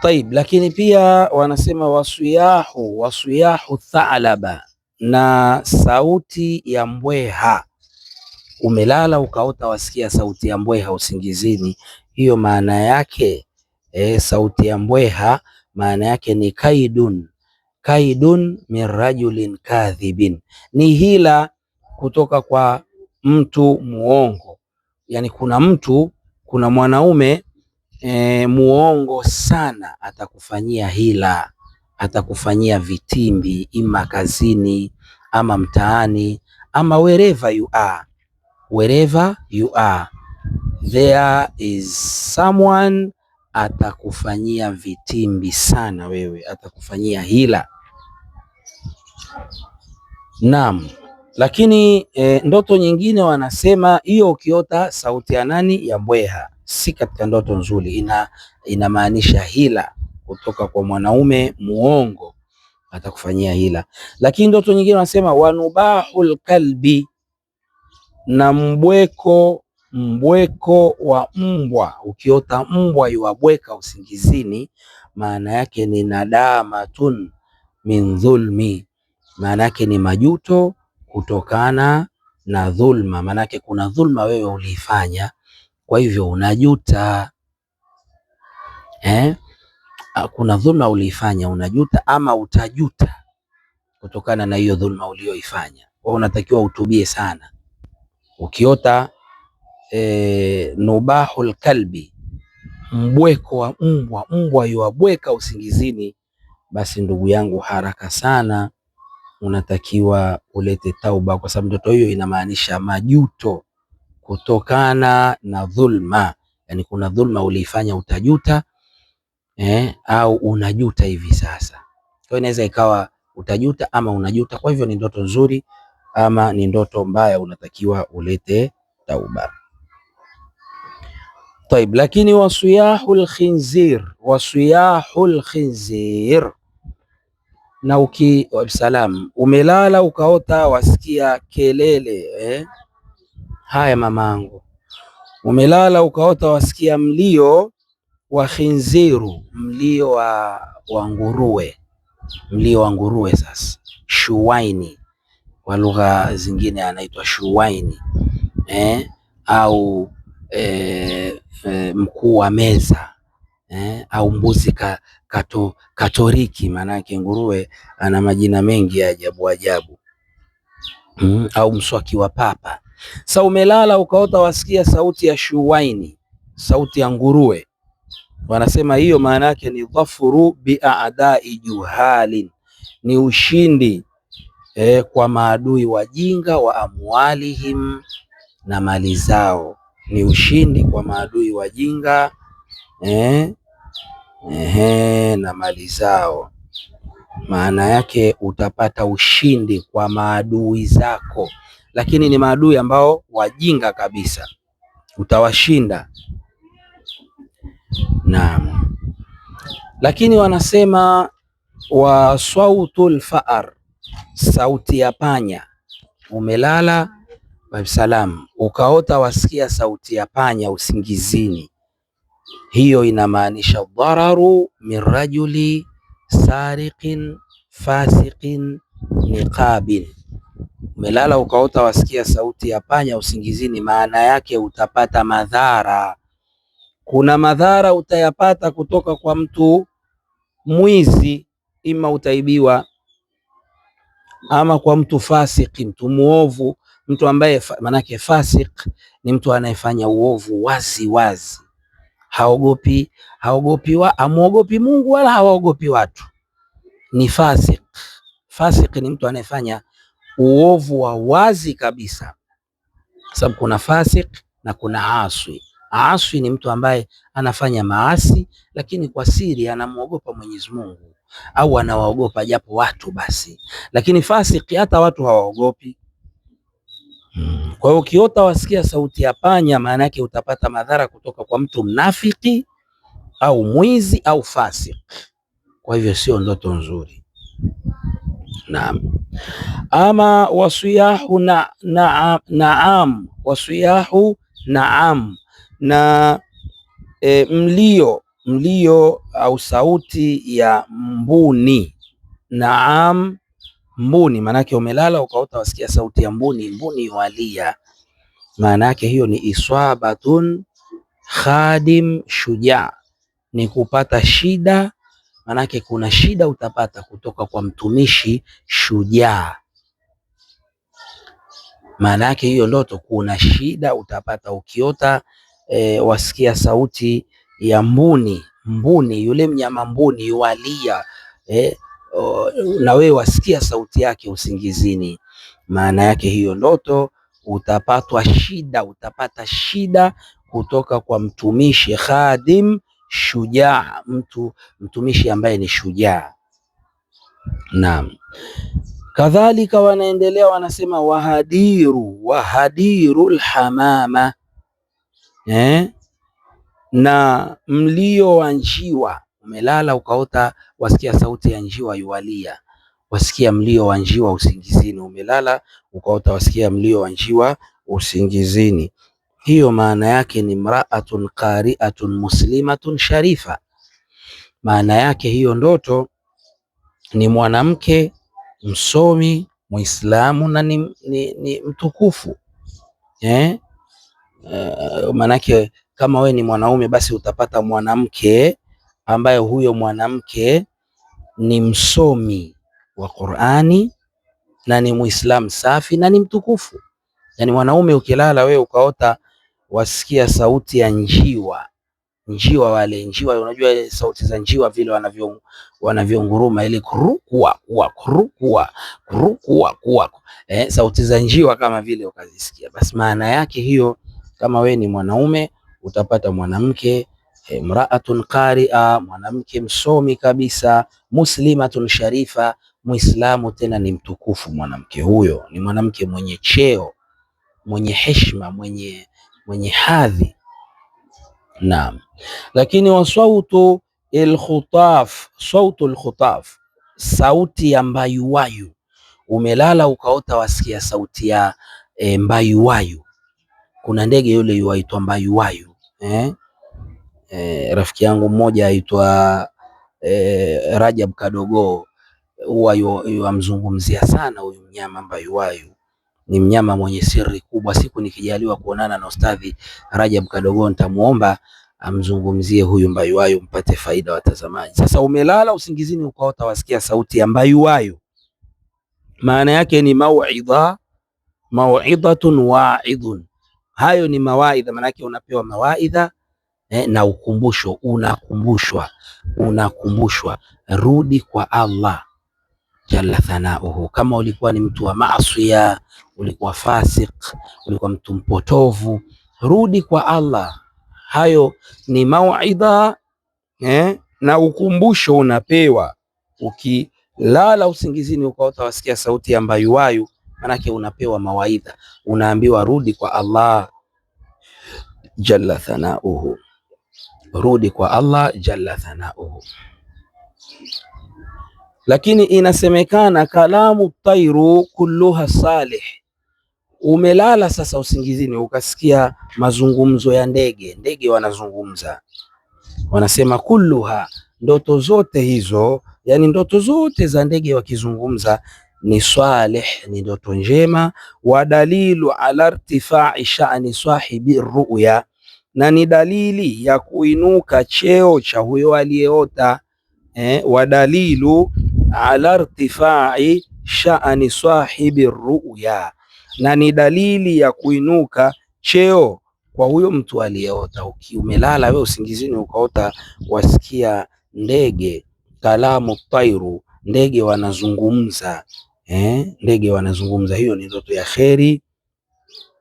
Taib, lakini pia wanasema wasuyahu wasuyahu thalaba, na sauti ya mbweha. Umelala ukaota wasikia sauti ya mbweha usingizini, hiyo maana yake e, sauti ya mbweha maana yake ni kaidun kaidun min rajulin kadhibin, ni hila kutoka kwa mtu muongo. Yani kuna mtu, kuna mwanaume e, muongo sana atakufanyia hila, atakufanyia vitimbi, ima kazini ama mtaani ama wherever you are, wherever you are there is someone atakufanyia vitimbi sana wewe, atakufanyia hila. Naam, lakini e, ndoto nyingine wanasema hiyo ukiota sauti ya nani? Ya mbweha si katika ndoto nzuri, ina inamaanisha hila kutoka kwa mwanaume muongo, atakufanyia hila. Lakini ndoto nyingine wanasema wanubahul kalbi, na mbweko mbweko wa mbwa. Ukiota mbwa yuwabweka usingizini, maana yake ni nadamatun min dhulmi, maana yake ni majuto kutokana na dhulma. Maana yake kuna dhulma wewe uliifanya kwa hivyo unajuta eh? Kuna dhulma uliifanya unajuta, ama utajuta kutokana na hiyo dhulma uliyoifanya. Kwa unatakiwa utubie sana. Ukiota e, nubahul kalbi, mbweko wa mbwa, mbwa yuabweka usingizini, basi ndugu yangu, haraka sana unatakiwa ulete tauba, kwa sababu ndoto hiyo inamaanisha majuto kutokana na dhulma. Yani kuna dhulma uliifanya utajuta, eh, au unajuta hivi sasa. Kwa hiyo inaweza ikawa utajuta ama unajuta. Kwa hivyo ni ndoto nzuri ama ni ndoto mbaya, unatakiwa ulete tauba. Taib, lakini wasiyahul khinzir, wasiyahul khinzir na uki salam, umelala ukaota wasikia kelele eh? Haya mamangu, umelala ukaota wasikia mlio wa khinziru, mlio wa, wa nguruwe, mlio wa nguruwe. Sasa shuwaini kwa lugha zingine anaitwa shuwaini eh, au e, e, mkuu wa meza eh, au mbuzi ka, kato, katoriki. yake nguruwe ana majina mengi ya ajabu ajabu, mm, au mswaki wa papa Sa umelala ukaota wasikia sauti ya shuwaini, sauti ya nguruwe. Wanasema hiyo maana yake ni dhafuru biadai juhalin, ni ushindi eh, kwa maadui wajinga wa amwalihim, na mali zao, ni ushindi kwa maadui wajinga eh, eh, na mali zao maana yake utapata ushindi kwa maadui zako lakini ni maadui ambao wajinga kabisa, utawashinda. Naam, lakini wanasema wa swautul faar, sauti ya panya. Umelala salam, ukaota wasikia sauti ya panya usingizini, hiyo inamaanisha dhararu min rajuli sariqin fasiqin niqabin Umelala ukaota wasikia sauti ya panya usingizini, maana yake utapata madhara. Kuna madhara utayapata kutoka kwa mtu mwizi, ima utaibiwa, ama kwa mtu fasiki, mtu muovu, mtu ambaye manake fasik ni mtu anayefanya uovu wazi wazi, haogopi haogopi wa, amuogopi Mungu wala hawaogopi watu, ni fasik. Fasik ni mtu anayefanya uovu wa wazi kabisa, sababu kuna fasik na kuna aswi. Aswi ni mtu ambaye anafanya maasi, lakini kwa siri anamwogopa Mwenyezi Mungu au anawaogopa japo watu basi, lakini fasiki hata watu hawaogopi. Hmm. Kwa hiyo ukiota wasikia sauti ya panya, maana yake utapata madhara kutoka kwa mtu mnafiki au mwizi au fasiki. Kwa hivyo sio ndoto nzuri. Naam. Ama wasiyahu na, na, naam wasiyahu naam na e, mlio mlio au sauti ya mbuni. Naam, mbuni maanake umelala ukaota wasikia sauti ya mbuni, mbuni walia, maana yake hiyo ni iswabatun khadim shujaa, ni kupata shida Manake kuna shida utapata kutoka kwa mtumishi shujaa. Maana yake hiyo ndoto, kuna shida utapata ukiota e, wasikia sauti ya mbuni, mbuni yule mnyama mbuni yualia e, eh, na wewe wasikia sauti yake usingizini. Maana yake hiyo ndoto utapatwa shida, utapata shida kutoka kwa mtumishi khadim shujaa, mtu mtumishi ambaye ni shujaa. Naam, kadhalika wanaendelea wanasema, wahadiru wahadiru lhamama eh? na mlio wa njiwa. Umelala ukaota wasikia sauti ya njiwa yualia, wasikia mlio wa njiwa usingizini. Umelala ukaota wasikia mlio wa njiwa usingizini hiyo maana yake ni mraatun qariatun muslimatun sharifa. Maana yake hiyo ndoto ni mwanamke msomi Muislamu na ni, ni, ni mtukufu eh? Uh, maanake kama we ni mwanaume basi utapata mwanamke ambaye huyo mwanamke ni msomi wa Qur'ani na ni Muislamu safi na ni mtukufu. Yaani mwanaume ukilala we ukaota wasikia sauti ya njiwa njiwa wale njiwa, unajua sauti za njiwa vile wanavyo wanavyonguruma ile kurukua kwa kurukua kurukua kwa eh, sauti za njiwa kama vile ukazisikia, basi maana yake hiyo, kama we ni mwanaume utapata mwanamke eh, mraatun qaria, mwanamke msomi kabisa, muslimatun sharifa, muislamu tena ni mtukufu. Mwanamke huyo ni mwanamke mwenye cheo, mwenye heshima, mwenye mwenye hadhi. Naam, lakini wa sautu alkhutaf, sautu alkhutaf, sauti ya mbayuwayu. Umelala ukaota wasikia sauti ya e, mbayuwayu. Kuna ndege yule yuaitwa mbayuwayu eh? E, rafiki yangu mmoja aitwa e, Rajab Kadogo huwa yuamzungumzia sana huyu mnyama mbayuwayu ni mnyama mwenye siri kubwa. Siku nikijaliwa kuonana na Ustadhi Rajab Kadogo nitamuomba amzungumzie huyu wayo mpate faida watazamaji. Sasa umelala usingizini ukaota wasikia sauti ya wayo maana yake ni mauidha, mauidhatun waidhun. Hayo ni mawaidha, maana yake unapewa mawaidha eh, na ukumbusho. Unakumbushwa, unakumbushwa, rudi kwa Allah jalla thanauhu, kama ulikuwa ni mtu wa maasiya ulikuwa fasik, ulikuwa mtu mpotovu, rudi kwa Allah. Hayo ni mauidha eh, na ukumbusho unapewa. Ukilala usingizini ukaota wasikia sauti ya mbayuwayu, manake unapewa mawaidha, unaambiwa rudi kwa Allah jalla thanauhu, rudi kwa Allah jalla thanauhu. Lakini inasemekana kalamu tairu kulluha salih umelala sasa usingizini, ukasikia mazungumzo ya ndege. Ndege wanazungumza, wanasema kulluha, ndoto zote hizo, yani ndoto zote za ndege wakizungumza ni salih, ni ndoto njema. Wa dalilu ala irtifai shani sahibi ruya, na ni dalili ya kuinuka cheo cha huyo aliyeota. Eh, wa dalilu ala irtifai shani sahibi ruya na ni dalili ya kuinuka cheo kwa huyo mtu aliyeota. Ukiumelala wewe usingizini ukaota wasikia ndege kalamu tairu, ndege wanazungumza eh, ndege wanazungumza, hiyo ni ndoto ya kheri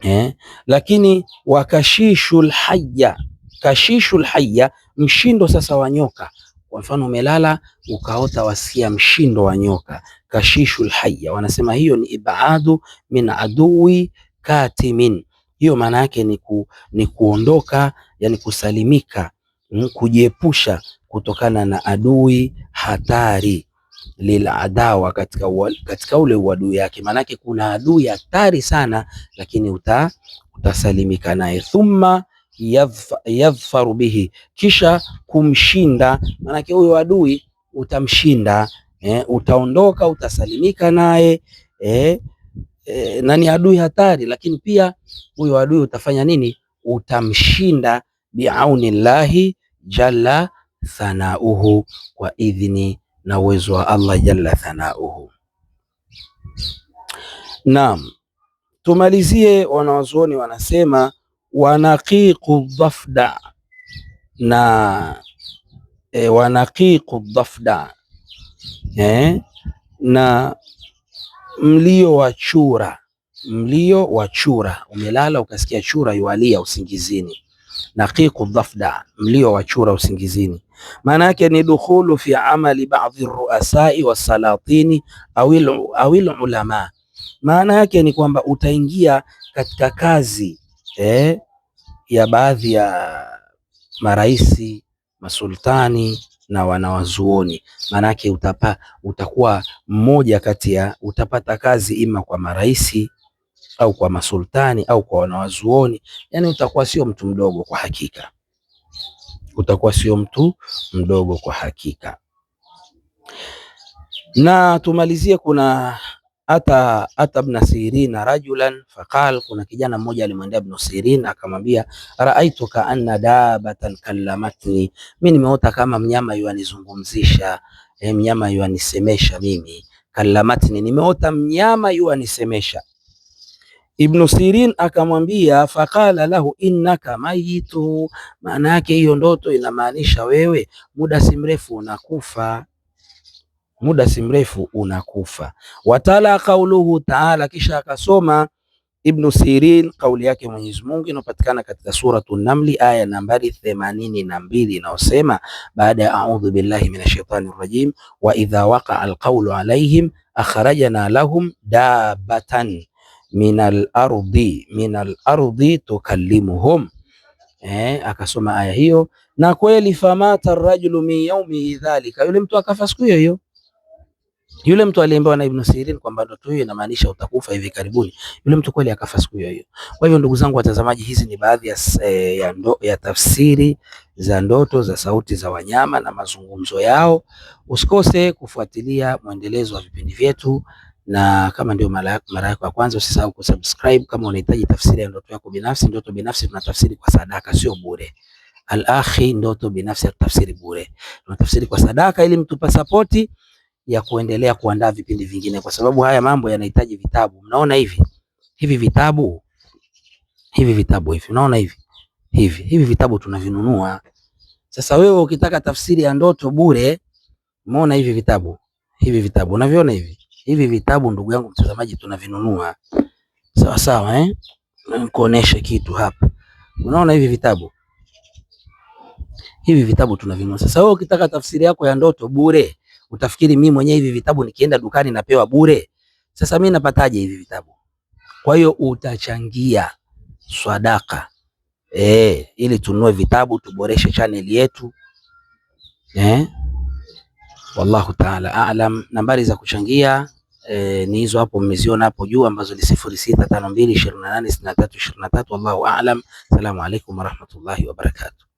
eh. Lakini wakashishul hayya, kashishul hayya, mshindo sasa wa nyoka. Kwa mfano umelala ukaota wasikia mshindo wa nyoka, kashishu lhaya wanasema hiyo ni ibadu min adui katimin. Hiyo maana yake ni, ku, ni kuondoka yani kusalimika, kujiepusha kutokana na adui hatari liladawa katika, katika ule uadui yake. Maanake kuna adui hatari sana, lakini uta, utasalimika naye. Thumma yadhfaru bihi, kisha kumshinda. Maanake huyo adui utamshinda eh, utaondoka utasalimika naye eh, eh, na ni adui hatari, lakini pia huyo adui utafanya nini? Utamshinda biaunillahi jalla thanauhu, kwa idhini na uwezo wa Allah jalla thanauhu. Naam, tumalizie. Wanawazuoni wanasema wanaqiqu dhafda na e, wanaqiqu dhafda eh, na mlio wa chura, mlio wa chura, umelala ukasikia chura yualia usingizini. Naqiqu dhafda, mlio wa chura usingizini. Maana yake ni dukhulu fi amali ba'dhi ruasai wasalatini awil ulama. Maana yake ni kwamba utaingia katika kazi eh, ya baadhi ya maraisi masultani na wanawazuoni, maanake utapa, utakuwa mmoja kati ya utapata kazi ima kwa maraisi au kwa masultani au kwa wanawazuoni. Yani utakuwa sio mtu mdogo kwa hakika, utakuwa sio mtu mdogo kwa hakika. Na tumalizie, kuna ata ata ibn Sirin rajulan faqal, kuna kijana mmoja alimwendea ibn Sirin akamwambia, raaitu ka anna dabatan kallamatni, mimi nimeota kama mnyama yuanizungumzisha, eh, mnyama yuanisemesha mimi. Kallamatni, nimeota mnyama yuanisemesha. Ibn Sirin akamwambia, faqala lahu innaka mayitu, maana yake hiyo ndoto inamaanisha wewe muda si mrefu unakufa muda si mrefu unakufa. Watala kauluhu taala, kisha akasoma Ibn Sirin kauli yake Mwenyezi Mungu inapatikana katika suratu Namli aya nambari themanini na mbili inayosema baada ya audhu billahi minash rajim, wa idha waqa alqawlu alaihim akhrajna lahum dabatan minal ardi minal ardi tukallimuhum. Eh, akasoma aya hiyo na kweli, famata rajulu min yaumihi dhalika, yule mtu akafa siku hiyo hiyo. Yule mtu aliyeambiwa na Ibn Sirin kwamba ndoto hiyo inamaanisha utakufa hivi karibuni. Yule mtu kweli akafa siku hiyo hiyo. Kwa hivyo ndugu zangu watazamaji, hizi ni baadhi ya, eh, ya, ya tafsiri za ndoto za sauti za wanyama na mazungumzo yao. Usikose kufuatilia mwendelezo wa vipindi vyetu na kama ndio mara yako ya kwanza usisahau kusubscribe. Kama unahitaji tafsiri ya ndoto yako binafsi, ndoto binafsi tunatafsiri kwa sadaka, sio bure. Al Akhi, ndoto binafsi tafsiri bure, tunatafsiri kwa sadaka ili mtupa sapoti ya kuendelea kuandaa vipindi vingine, kwa sababu haya mambo yanahitaji vitabu. Mnaona hivi hivi vitabu hivi vitabu hivi, unaona hivi hivi hivi vitabu tunavinunua. Sasa wewe ukitaka tafsiri ya ndoto bure, umeona hivi vitabu hivi vitabu, unaviona hivi hivi vitabu, ndugu yangu mtazamaji, tunavinunua sawa sawa, eh, nikuoneshe kitu hapa. Unaona hivi vitabu hivi vitabu tunavinunua. Sasa wewe ukitaka tafsiri yako ya ndoto bure Utafikiri mimi mwenyewe hivi vitabu nikienda dukani napewa bure? Sasa mimi napataje hivi vitabu? Kwa hiyo utachangia swadaka eh, ili tununue vitabu tuboreshe chaneli yetu eh. Wallahu taala alam. Nambari za kuchangia e, ni hizo hapo mmeziona hapo juu ambazo ni 0652286323. Wallahu alam. Salamu alaykum warahmatullahi wabarakatuh.